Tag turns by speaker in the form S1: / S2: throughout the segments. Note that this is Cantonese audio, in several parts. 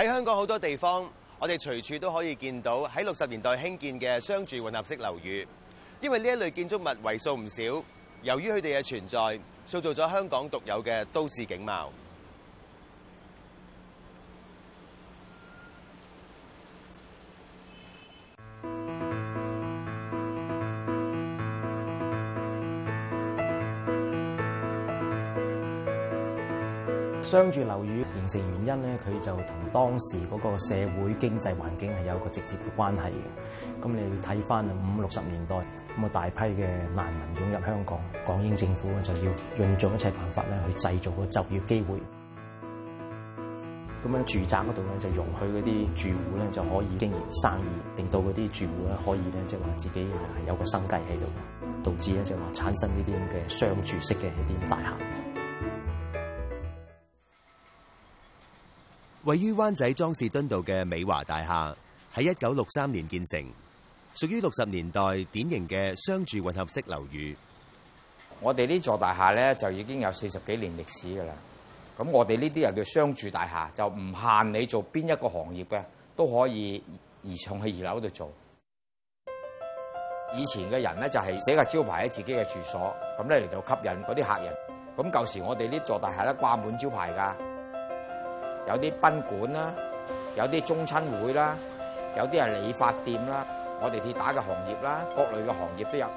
S1: 喺香港好多地方，我哋隨處都可以見到喺六十年代興建嘅商住混合式樓宇，因為呢一類建築物為數唔少，由於佢哋嘅存在，塑造咗香港獨有嘅都市景貌。
S2: 商住樓宇形成原因咧，佢就同當時個社會經濟環境係有一個直接嘅關係的。嘅。咁你要睇翻五六十年代咁啊，大批嘅難民湧入香港，港英政府啊就要用盡一切辦法咧去製造個就業的機會。咁樣住宅嗰度咧就容許嗰啲住戶咧就可以經營生意，令到嗰啲住戶咧可以咧即係話自己係有個生計喺度，導致咧即係話產生呢啲咁嘅商住式嘅一啲大
S1: 位於灣仔莊士敦道嘅美華大廈喺一九六三年建成，屬於六十年代典型嘅商住混合式樓宇。
S2: 我哋呢座大廈咧就已經有四十幾年歷史噶啦。咁我哋呢啲又叫商住大廈，就唔限你做邊一個行業嘅都可以移從去二樓度做。以前嘅人咧就係寫個招牌喺自己嘅住所，咁咧嚟到吸引嗰啲客人。咁舊時我哋呢座大廈咧掛滿招牌噶。有啲賓館啦，有啲中親會啦，有啲係理髮店啦，我哋鐵打嘅行業啦，各類嘅行業都有。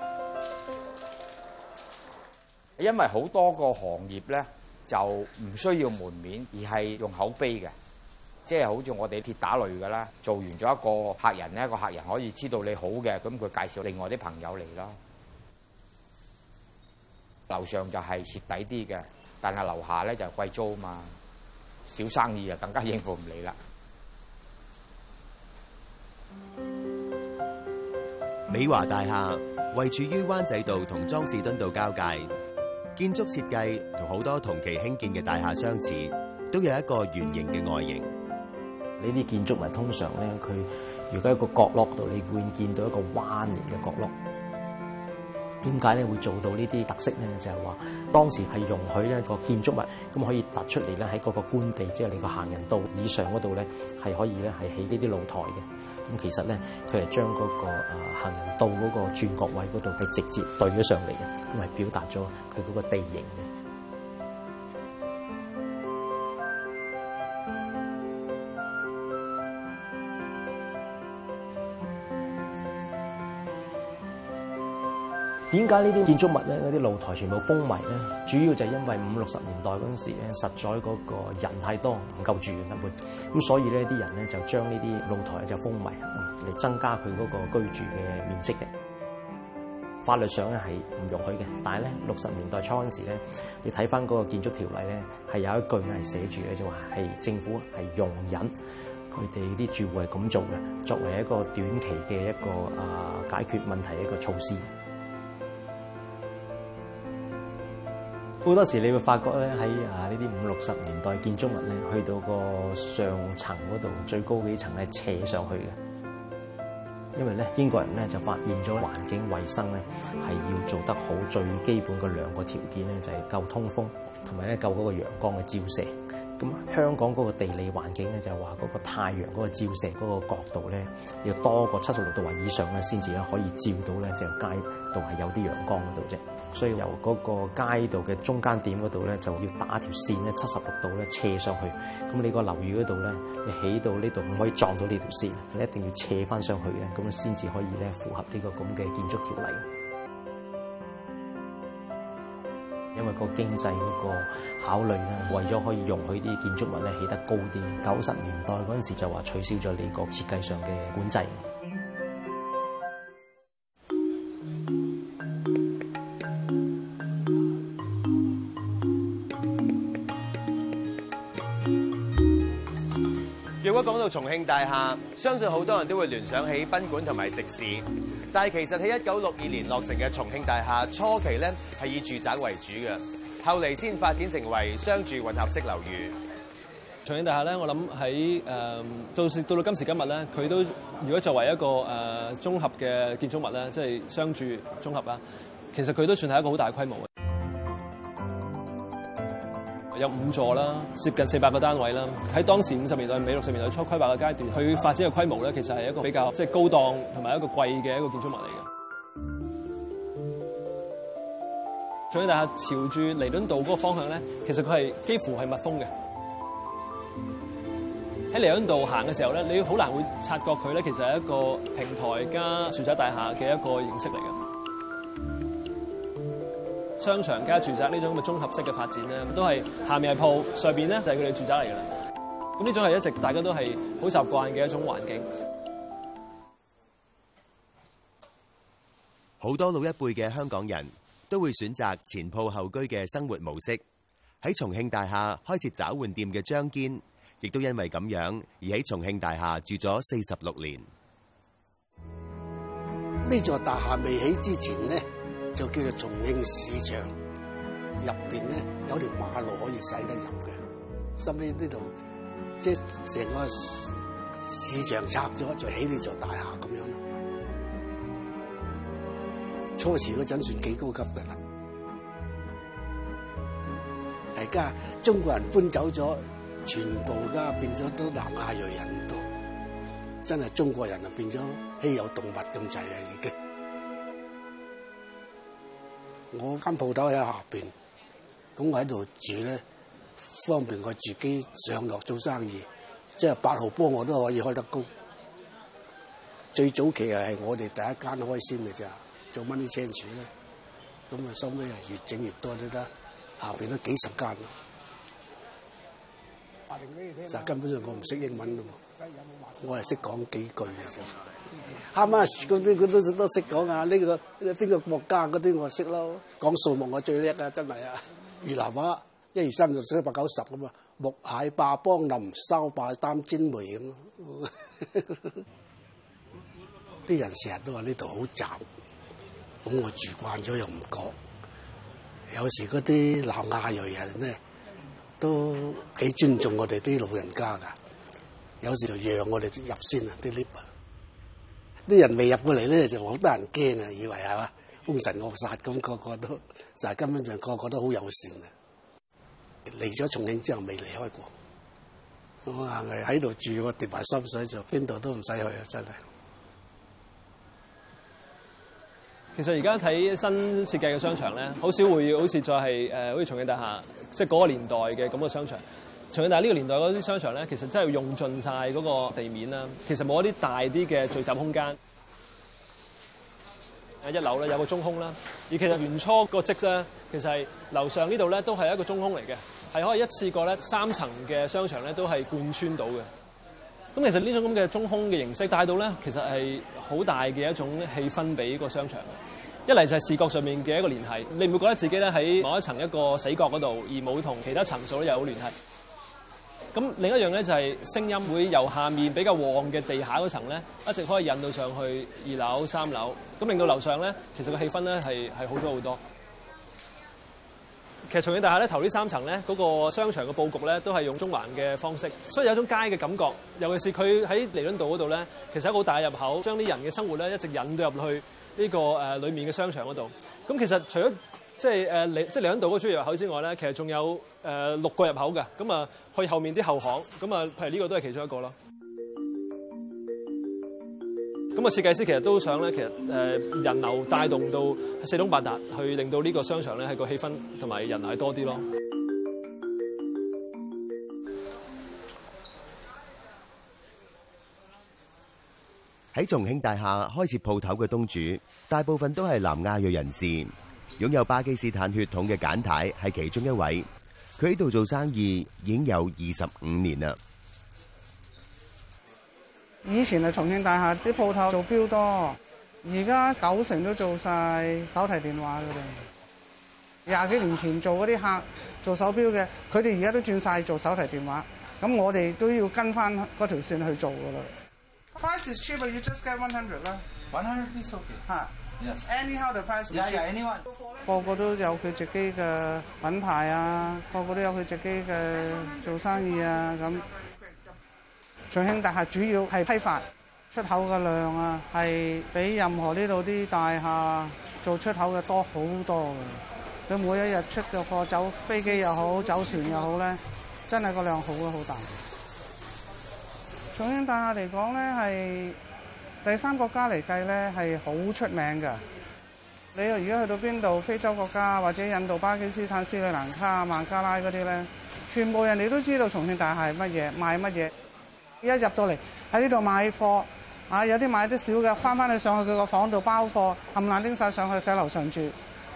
S2: 因為好多個行業咧，就唔需要門面，而係用口碑嘅。即係好似我哋鐵打類嘅啦，做完咗一個客人咧，個客人可以知道你好嘅，咁佢介紹另外啲朋友嚟啦。樓上就係蝕底啲嘅，但係樓下咧就貴租啊嘛。小生意啊，更加應付唔嚟啦。
S1: 美華大廈位處於灣仔道同莊士敦道交界，建築設計同好多同期興建嘅大廈相似，都
S2: 有一個圓形嘅外形。呢啲建築物通常咧，佢如果喺個角落度，你會見到一個彎形嘅角落。點解咧會做到呢啲特色咧？就係話當時係容許咧，個建築物咁可以突出嚟咧，喺嗰個官地，即係你個行人道以上嗰度咧，係可以咧係起呢啲露台嘅。咁其實咧，佢係將嗰個誒行人道嗰個轉角位嗰度，係直接對咗上嚟嘅，咁係表達咗佢嗰個地形嘅。點解呢啲建築物咧嗰啲露台全部封埋咧？主要就係因為五六十年代嗰陣時咧，實在嗰個人太多，唔夠住根本咁，所以咧啲人咧就將呢啲露台就封埋嚟增加佢嗰個居住嘅面積嘅。法律上咧係唔容許嘅，但係咧六十年代初嗰陣時咧，你睇返嗰個建築條例咧係有一句係寫住嘅，就話係政府係容忍佢哋啲住戶係咁做嘅，作為一個短期嘅一個啊、呃、解決問題嘅一個措施。好多時你會發覺咧，喺啊呢啲五六十年代建築物咧，去到個上層嗰度最高幾層咧斜上去嘅。因為咧英國人咧就發現咗環境衞生咧係要做得好最基本嘅兩個條件咧，就係夠通風同埋咧夠嗰個陽光嘅照射。咁香港嗰個地理環境咧，就係話嗰個太陽嗰個照射嗰個角度咧要多過七十六度或以上咧，先至咧可以照到咧，即係街道係有啲陽光嗰度啫。所以由嗰個街道嘅中間點嗰度咧，就要打條線咧，七十六度咧斜上去。咁你個樓宇嗰度咧，你起到呢度唔可以撞到呢條線，你一定要斜翻上去咧，咁樣先至可以咧符合呢個咁嘅建築條例。因為個經濟嗰個考慮咧，為咗可以容許啲建築物咧起得高啲，九十年代嗰陣時就話取消咗呢個設計上嘅管制。
S1: 大廈相信好多人都會聯想起賓館同埋食肆，但係其實喺一九六二年落成嘅重慶大廈初期咧係以住宅為主嘅，後嚟先發展成為商住混合式樓宇。
S3: 重慶大廈咧，我諗喺誒到時到到今時今日咧，佢都如果作為一個誒綜合嘅建築物咧，即係商住綜合啦，其實佢都算係一個好大規模。有五座啦，接近四百個單位啦。喺當時五十年代尾、六十年代初規劃嘅階段，佢發展嘅規模咧，其實係一個比較即係高檔同埋一個貴嘅一個建築物嚟嘅。住宅 大廈朝住彌敦道個方向咧，其實佢係幾乎係密封嘅。喺彌敦道行嘅時候咧，你好難會察覺佢咧，其實係一個平台加住宅大廈嘅一個形式嚟嘅。商場加住宅呢種咁嘅綜合式嘅發展咧，都係下面係鋪，上邊咧就係佢哋住宅嚟噶啦。咁呢種係一直大家都係好習慣嘅一種環境。
S1: 好多老一輩嘅香港人都會選擇前鋪後居嘅生活模式。喺重慶大廈開設找換店嘅張堅，亦都因為咁樣而喺重慶大廈住咗四十六年。
S4: 呢座大廈未起之前呢。就叫做重慶市場入邊咧，有條馬路可以使得入嘅。身邊呢度即成個市，市場拆咗，就起呢座大廈咁樣。初時嗰陣算幾高級嘅啦，而家中國人搬走咗，全部家變咗都南亞裔人多。真係中國人啊變咗稀有動物咁滯啊已經。我間鋪頭喺下面，咁我喺度住咧，方便我自己上落做生意，即係八號波我都可以開得工。最早期係我哋第一間開先嘅咋，做乜啲青柱咧？咁啊，收尾，啊越整越多都得，下面都幾十間啦。其實根本上我唔識英文嘅嘛。我係識講幾句嘅啫。啱啊、right.！嗰啲佢都都識講啊！呢個邊個國家嗰啲我識咯。講數目我最叻啊，真係啊！越南話一二三四七八九十咁啊。木蟹霸幫林邦，收霸擔尖梅咁咯。啲 人成日都話呢度好雜，咁我住慣咗又唔覺。有時嗰啲南亞裔人咧都幾尊重我哋啲老人家㗎。有時就讓我哋入先啊，啲 lift。啲人未入過嚟咧，就好多人驚啊！以為係嘛，凶神惡煞咁，個個都其實根本上個個都好友善啊！嚟咗重慶之後未離開過，我係喺度住個地埋心水，就邊度都唔使去啊！真係。
S3: 其實而家睇新設計嘅商場咧，好少會好似再係誒，好似重慶大廈，即係嗰個年代嘅咁嘅商場。但係呢個年代嗰啲商場咧，其實真係用盡曬嗰個地面啦。其實冇一啲大啲嘅聚集空間喺一樓咧，有個中空啦。而其實原初個積咧，其實係樓上呢度咧都係一個中空嚟嘅，係可以一次過咧三層嘅商場咧都係貫穿到嘅。咁其實呢種咁嘅中空嘅形式帶到咧，其實係好大嘅一種氣氛俾個商場。一嚟就係視覺上面嘅一個聯繫，你唔會覺得自己咧喺某一層一個死角嗰度，而冇同其他層數咧有聯繫。咁另一樣咧就係聲音會由下面比較旺嘅地下嗰層咧，一直可以引到上去二樓、三樓，咁令到樓上咧，其實個氣氛咧係係好咗好多。其實長影大廈咧頭呢三層咧嗰個商場嘅佈局咧都係用中環嘅方式，所以有一種街嘅感覺。尤其是佢喺利允道嗰度咧，其實一個好大入口，將啲人嘅生活咧一直引到入去呢個裏面嘅商場嗰度。咁其實除咗即係誒利即係利允道嗰出入口之外咧，其實仲有。誒六個入口嘅咁啊，去後面啲後巷咁啊，譬如呢個都係其中一個咯。咁啊，設計師其實都想咧，其實誒、呃、人流帶動到四通八達，去令到呢個商場咧係個氣氛同埋人流係多啲咯。
S1: 喺重慶大廈開設鋪頭嘅東主，大部分都係南亞裔人士，擁有巴基斯坦血統嘅簡太係其中一位。佢喺度做生意已經有二十五年啦。
S5: 以前係重慶大廈啲鋪頭做表多，而家九成都做晒手提電話。佢哋廿幾年前做嗰啲客做手錶嘅，佢哋而家都轉晒做手提電話，咁我哋都要跟翻嗰條線去做噶啦。a n y o the r i c 個個都有佢自己嘅品牌啊，個個都有佢自己嘅做生意啊咁。重慶大廈主要係批發出口嘅量啊，係比任何呢度啲大廈做出口嘅多好多嘅。佢每一日出嘅貨走飛機又好，走船又好咧，真係個量好啊好大。重慶大廈嚟講咧係。是第三國家嚟計咧係好出名㗎。你如果去到邊度？非洲國家或者印度、巴基斯坦、斯里蘭卡、孟加拉嗰啲咧，全部人哋都知道重慶大廈乜嘢賣乜嘢。一入到嚟喺呢度買貨，啊有啲買得少嘅翻翻去上去佢個房度包貨冚唪唥拎晒上去喺樓上住。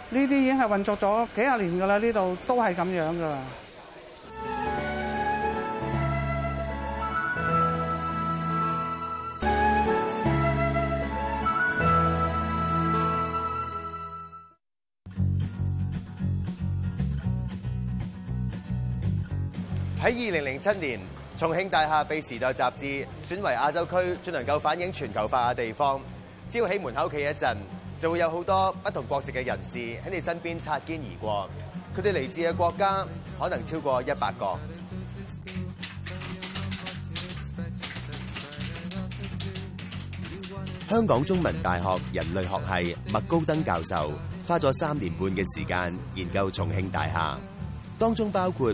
S5: 呢啲已經係運作咗幾十年噶啦，呢度都係咁樣噶啦。
S6: 喺二
S1: 零零七年，重慶大廈被《時代》雜誌選為亞洲區最能夠反映全球化嘅地方。只要喺門口企一陣，就會有好多不同國籍嘅人士喺你身邊擦肩而過。佢哋嚟自嘅國家可能超過一百個。香港中文大學人類學系麥高登教授花咗三年半嘅時間研究重慶大廈，當中包括。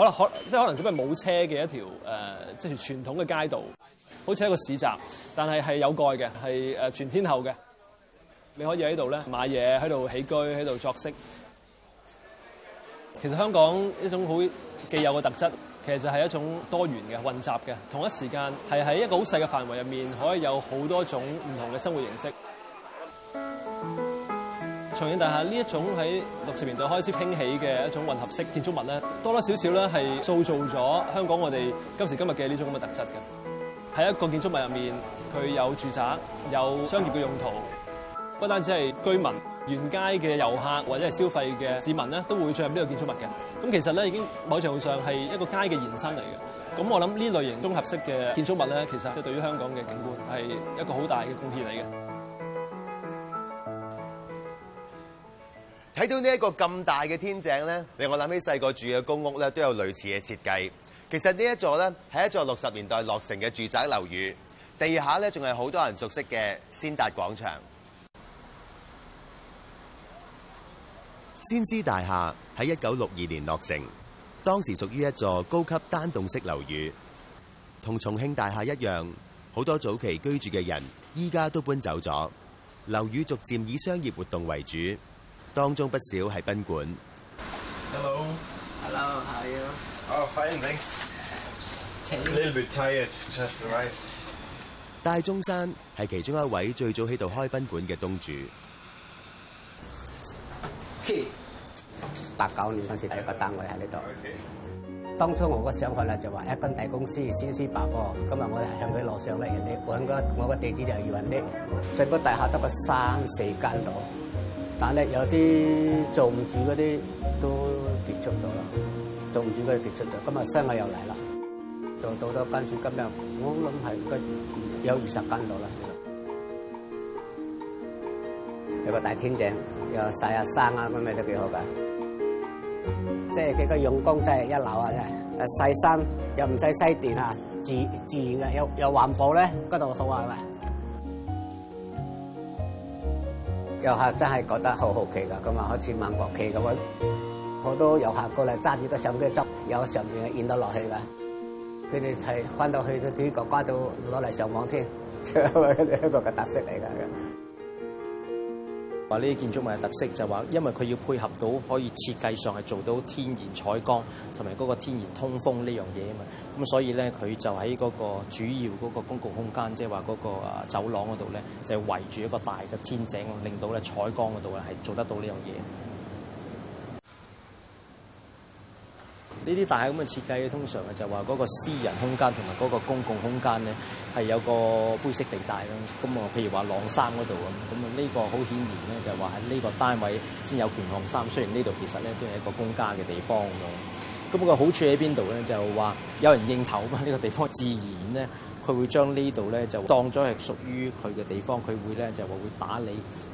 S3: 可，可能可即係可能做冇車嘅一條誒、呃，即係傳統嘅街道，好似一個市集，但係係有蓋嘅，係、呃、全天候嘅，你可以喺度咧買嘢，喺度起居，喺度作息。其實香港一種好既有嘅特質，其實就係一種多元嘅混雜嘅，同一時間係喺一個好細嘅範圍入面，可以有好多種唔同嘅生活形式。重慶大廈呢一種喺六十年代開始興起嘅一種混合式建築物咧，多多少少咧係塑造咗香港我哋今時今日嘅呢種咁嘅特質嘅。喺一個建築物入面，佢有住宅、有商業嘅用途，不單止係居民、沿街嘅遊客或者係消費嘅市民咧，都會進入呢個建築物嘅。咁其實咧已經某程度上係一個街嘅延伸嚟嘅。咁我諗呢類型綜合式嘅建築物咧，其實即係對於香港嘅景觀係一個好大嘅貢獻嚟嘅。睇到呢一個咁大嘅天井呢，令我諗起
S1: 細個住嘅公屋呢都有類似嘅設計。其實呢一座呢，係一座六十年代落成嘅住宅樓宇，地下呢，仲係好多人熟悉嘅先達廣場。先施大廈喺一九六二年落成，當時屬於一座高級單棟式樓宇，同重慶大廈一樣，好多早期居住嘅人依家都搬走咗，樓宇逐漸以商業活動為主。當中不少係賓館。
S7: Hello，Hello，How are you？Oh，fine，thanks。Little bit tired，just arrived。
S1: 大中山係其中一位最早喺度開賓館嘅東主。八九年嗰陣時，第一個
S7: 單位喺呢度。當初我個想法咧就話一間大公司先先霸過，咁啊我哋係向佢攞上嚟嘅，人哋揾我個地址就係揾啲，整個大廈得個三四間度。但係有啲做唔住嗰啲都結束咗啦，做唔住佢就結束咗。今日新嘅又嚟啦，做到咗今時今日，我諗係個有二十間度啦。有個大天井，又曬下山啊，咁咪都幾好噶。即係佢個陽光真係一流啊！真係，誒曬山又唔使西電啊，自自然嘅又又環保咧，嗰度好啊，遊客真係覺得好好奇㗎，咁啊好似問國旗咁啊，好樣多遊客過嚟揸住啲相機，執有上邊演到落去啦，佢哋係翻到去啲國家度攞嚟上網添，即係佢哋一個嘅特色嚟㗎。
S2: 話呢啲建築物嘅特色就話，因為佢要配合到可以設計上係做到天然採光同埋嗰個天然通風呢樣嘢啊嘛，咁所以咧佢就喺嗰個主要嗰個公共空間，即係話嗰個啊走廊嗰度咧，就圍住一個大嘅天井，令到咧採光嗰度咧係做得到呢樣嘢。呢啲大廈嘅設計咧，通常啊就話嗰個私人空間同埋嗰個公共空間咧係有個灰色地帶咯。咁啊，譬如話晾衫嗰度咁，咁啊呢個好顯然咧就話喺呢個單位先有權晾衫。雖然呢度其實咧都係一個公家嘅地方咯。咁個好處喺邊度咧？就話有人應頭嘛，呢個地方自然咧佢會將呢度咧就當咗係屬於佢嘅地方，佢會咧就話會打理，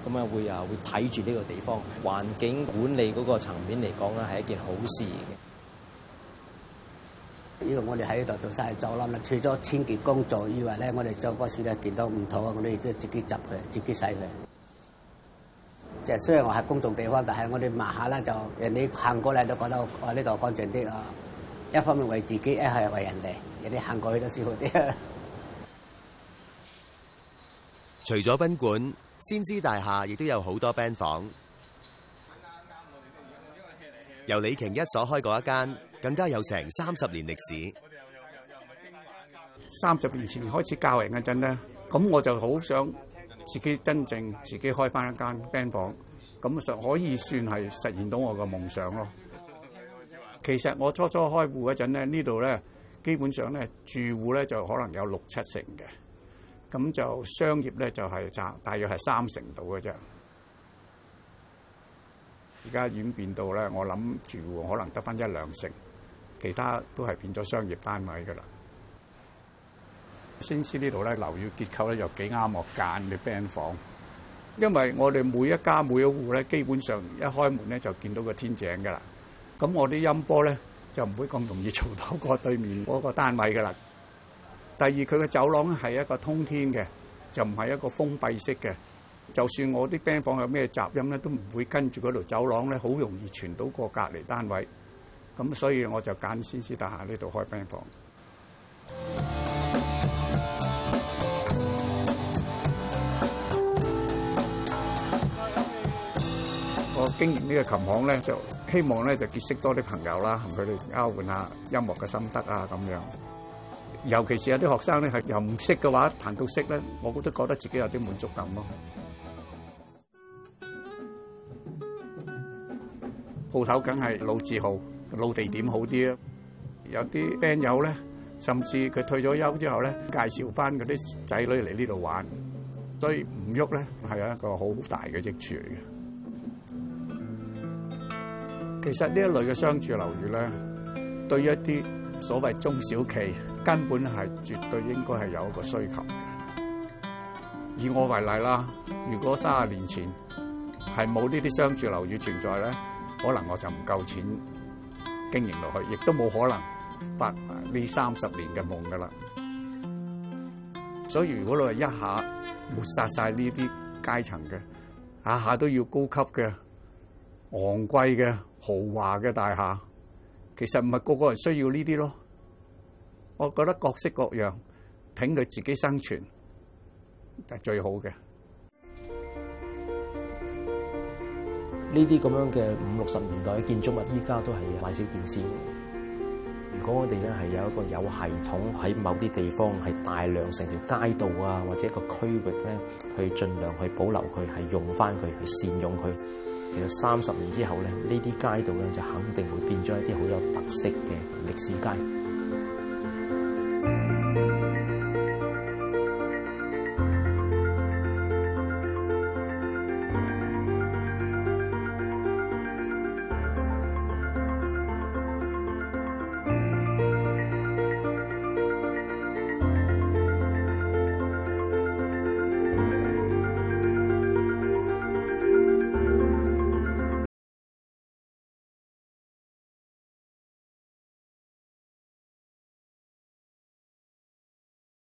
S2: 咁啊會啊會睇住呢個地方環境管理嗰個層面嚟講咧係一件好事嘅。
S7: 因為我哋喺呢度做曬走廊啦，除咗清潔工作以外，咧我哋上嗰時咧見到唔妥，我哋都自己執佢，自己洗佢。即係雖然我係公眾地方，但係我哋抹下咧，就人哋行過嚟都覺得啊呢度乾淨啲啊。一方面為自己，一係為人哋，人哋行過去都舒服啲。
S1: 除咗賓館，先知大廈亦都有好多 band 房，由李瓊一所開
S6: 嗰一間。更加有成三十年歷史。三十年前開始教人嗰陣咧，咁我就好想自己真正自己開翻一間 band 房，咁可可以算係實現到我嘅夢想咯。其實我初初開戶嗰陣咧，呢度咧基本上咧住戶咧就可能有六七成嘅，咁就商業咧就係差大約係三成度嘅啫。而家演變到咧，我諗住戶可能得翻一兩成。其他都係變咗商業單位噶啦。星師呢度咧，樓宇結構咧又幾啱我間嘅 band 房，因為我哋每一家每一戶咧基本上一開門咧就見到個天井噶啦。咁我啲音波咧就唔會咁容易嘈到個對面嗰個單位噶啦。第二，佢嘅走廊咧係一個通天嘅，就唔係一個封閉式嘅。就算我啲 band 房有咩雜音咧，都唔會跟住嗰條走廊咧好容易傳到過隔離單位。咁所以我就揀先施大廈呢度開 band 房。我經營呢個琴行咧，就希望咧就結識多啲朋友啦，同佢哋交換下音樂嘅心得啊，咁樣。尤其是有啲學生咧係由唔識嘅話，彈到識咧，我都覺得自己有啲滿足感咯。鋪 頭梗係老字號。老地點好啲啊，有啲 friend 友咧，甚至佢退咗休之後咧，介紹翻嗰啲仔女嚟呢度玩，所以唔喐咧係一個好大嘅益處嚟嘅。其實呢一類嘅商住樓宇咧，對一啲所謂中小企根本係絕對應該係有一個需求嘅。以我為例啦，如果三十年前係冇呢啲商住樓宇存在咧，可能我就唔夠錢。經營落去，亦都冇可能發呢三十年嘅夢㗎喇。所以如果你話一下抹殺晒呢啲階層嘅，下下都要高級嘅昂貴嘅豪華嘅大廈，其實唔係個個人需要呢啲咯。我覺得各式各樣，挺佢自己生存係最好嘅。
S2: 呢啲咁樣嘅五六十年代嘅建築物，依家都係買少見少。如果我哋咧係有一個有系統喺某啲地方，係大量成條街道啊，或者一個區域咧，去盡量去保留佢，係用翻佢，去善用佢。其實三十年之後咧，呢啲街道咧就肯定會變咗一啲好有特色嘅歷史街。